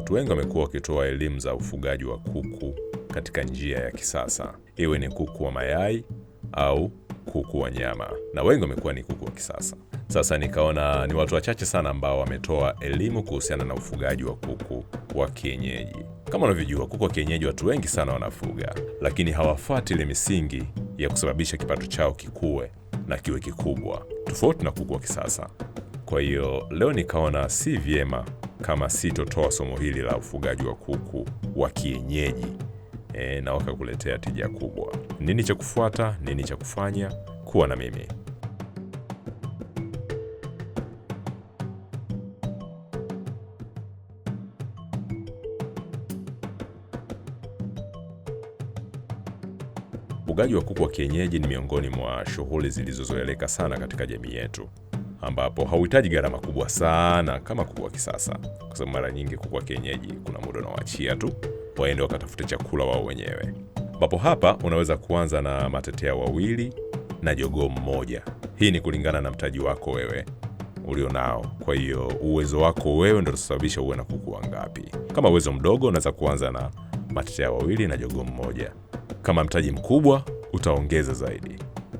watu wengi wamekuwa wakitoa elimu za ufugaji wa kuku katika njia ya kisasa, iwe ni kuku wa mayai au kuku wa nyama, na wengi wamekuwa ni kuku wa kisasa. Sasa nikaona ni watu wachache sana ambao wametoa elimu kuhusiana na ufugaji wa kuku wa kienyeji. Kama unavyojua, kuku wa kienyeji watu wengi sana wanafuga, lakini hawafuati ile misingi ya kusababisha kipato chao kikuwe na kiwe kikubwa, tofauti na kuku wa kisasa. Kwa hiyo leo nikaona si vyema kama sitotoa somo hili la ufugaji wa kuku wa kienyeji e, na wakakuletea tija kubwa. Nini cha kufuata? Nini cha kufanya? Kuwa na mimi. Ufugaji wa kuku wa kienyeji ni miongoni mwa shughuli zilizozoeleka sana katika jamii yetu ambapo hauhitaji gharama kubwa sana kama kuku wa kisasa, kwa sababu mara nyingi kuku wa kienyeji kuna muda unaoachia tu waende wakatafute chakula wao wenyewe, ambapo hapa unaweza kuanza na matetea wawili na jogoo mmoja. Hii ni kulingana na mtaji wako wewe nao. Kwa hiyo uwezo wako wewe ndio utasababisha uwe na kuku wangapi. Kama uwezo mdogo, unaweza kuanza na matetea wawili na jogoo mmoja. Kama mtaji mkubwa, utaongeza zaidi.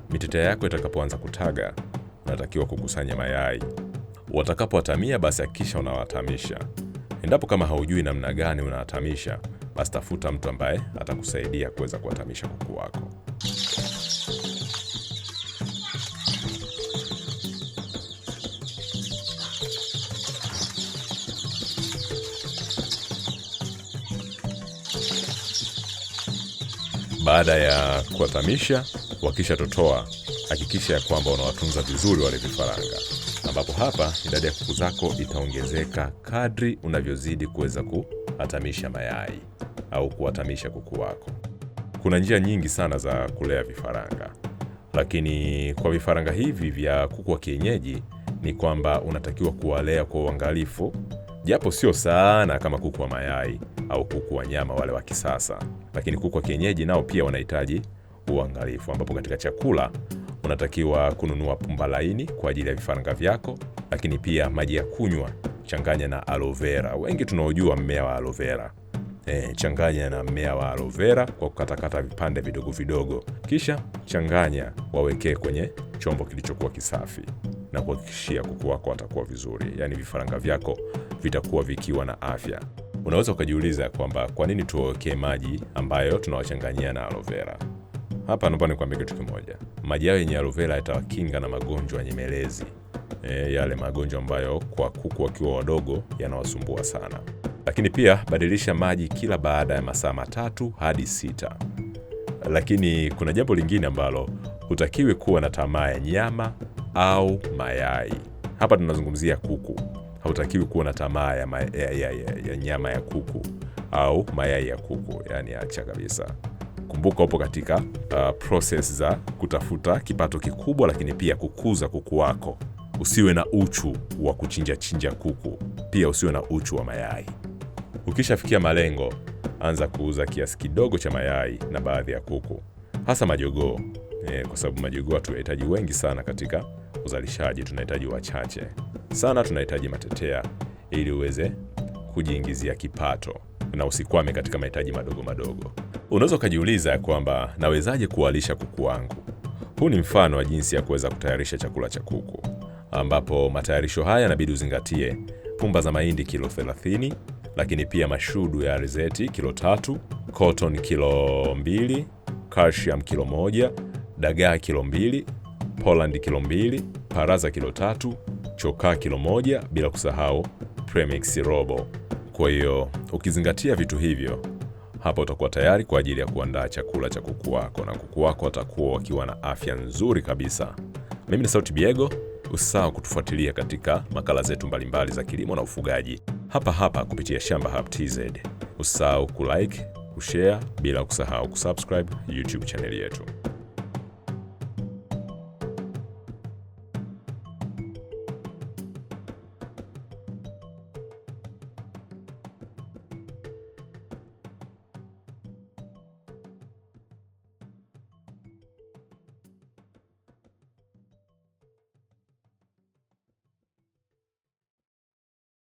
Mitetea yako itakapoanza kutaga unatakiwa kukusanya mayai. watakapowatamia basi hakikisha unawatamisha. Endapo kama haujui namna gani unawatamisha basi tafuta mtu ambaye atakusaidia kuweza kuwatamisha kuku wako. Baada ya kuwatamisha, wakishatotoa hakikisha ya kwamba unawatunza vizuri wale vifaranga, ambapo hapa idadi ya kuku zako itaongezeka kadri unavyozidi kuweza kuhatamisha mayai au kuhatamisha kuku wako. Kuna njia nyingi sana za kulea vifaranga, lakini kwa vifaranga hivi vya kuku wa kienyeji ni kwamba unatakiwa kuwalea kwa uangalifu, japo sio sana kama kuku wa mayai au kuku wa nyama wale wa kisasa, lakini kuku wa kienyeji nao pia wanahitaji uangalifu, ambapo katika chakula unatakiwa kununua pumba laini kwa ajili ya vifaranga vyako, lakini pia maji ya kunywa changanya na aloe vera. Wengi tunaojua mmea wa aloe vera e, changanya na mmea wa aloe vera kwa kukatakata vipande vidogo vidogo, kisha changanya, wawekee kwenye chombo kilichokuwa kisafi na kuhakikishia kuku wako watakuwa vizuri, yaani vifaranga vyako vitakuwa vikiwa na afya. Unaweza ukajiuliza kwamba kwa nini tuwawekee maji ambayo tunawachanganyia na aloe vera? Hapa naomba nikwambie kitu kimoja, maji yao yenye aloe vera yatawakinga na magonjwa ya nyemelezi e, eh, yale magonjwa ambayo kwa kuku wakiwa wadogo yanawasumbua sana. Lakini pia badilisha maji kila baada ya masaa matatu hadi sita. Lakini kuna jambo lingine ambalo hutakiwi kuwa na tamaa ya nyama au mayai. Hapa tunazungumzia kuku, hautakiwi kuwa na tamaa ya, ya, ya, ya, ya nyama ya kuku au mayai ya kuku, yani acha kabisa. Kumbuka upo katika uh, proses za kutafuta kipato kikubwa, lakini pia kukuza kuku wako. Usiwe na uchu wa kuchinja chinja kuku, pia usiwe na uchu wa mayai. Ukishafikia malengo, anza kuuza kiasi kidogo cha mayai na baadhi ya kuku, hasa majogoo e, kwa sababu majogoo tunahitaji wengi sana katika uzalishaji, tunahitaji wachache sana, tunahitaji matetea ili uweze kujiingizia kipato na usikwame katika mahitaji madogo madogo. Unaweza ukajiuliza ya kwamba nawezaje kuwalisha kuku wangu? Huu ni mfano wa jinsi ya kuweza kutayarisha chakula cha kuku, ambapo matayarisho haya yanabidi uzingatie pumba za mahindi kilo 30, lakini pia mashudu ya alizeti kilo 3, cotton kilo 2 calcium kilo 1, dagaa kilo 2, Poland kilo 2 paraza kilo 3, chokaa kilo moja, bila kusahau premix robo kwa hiyo ukizingatia vitu hivyo, hapa utakuwa tayari kwa ajili ya kuandaa chakula cha kuku wako na kuku wako watakuwa wakiwa na afya nzuri kabisa. Mimi ni Sauti Biego. Usisahau kutufuatilia katika makala zetu mbalimbali za kilimo na ufugaji hapa hapa kupitia Shamba Hub TZ. Usisahau kulike, kushare bila kusahau kusubscribe YouTube chaneli yetu.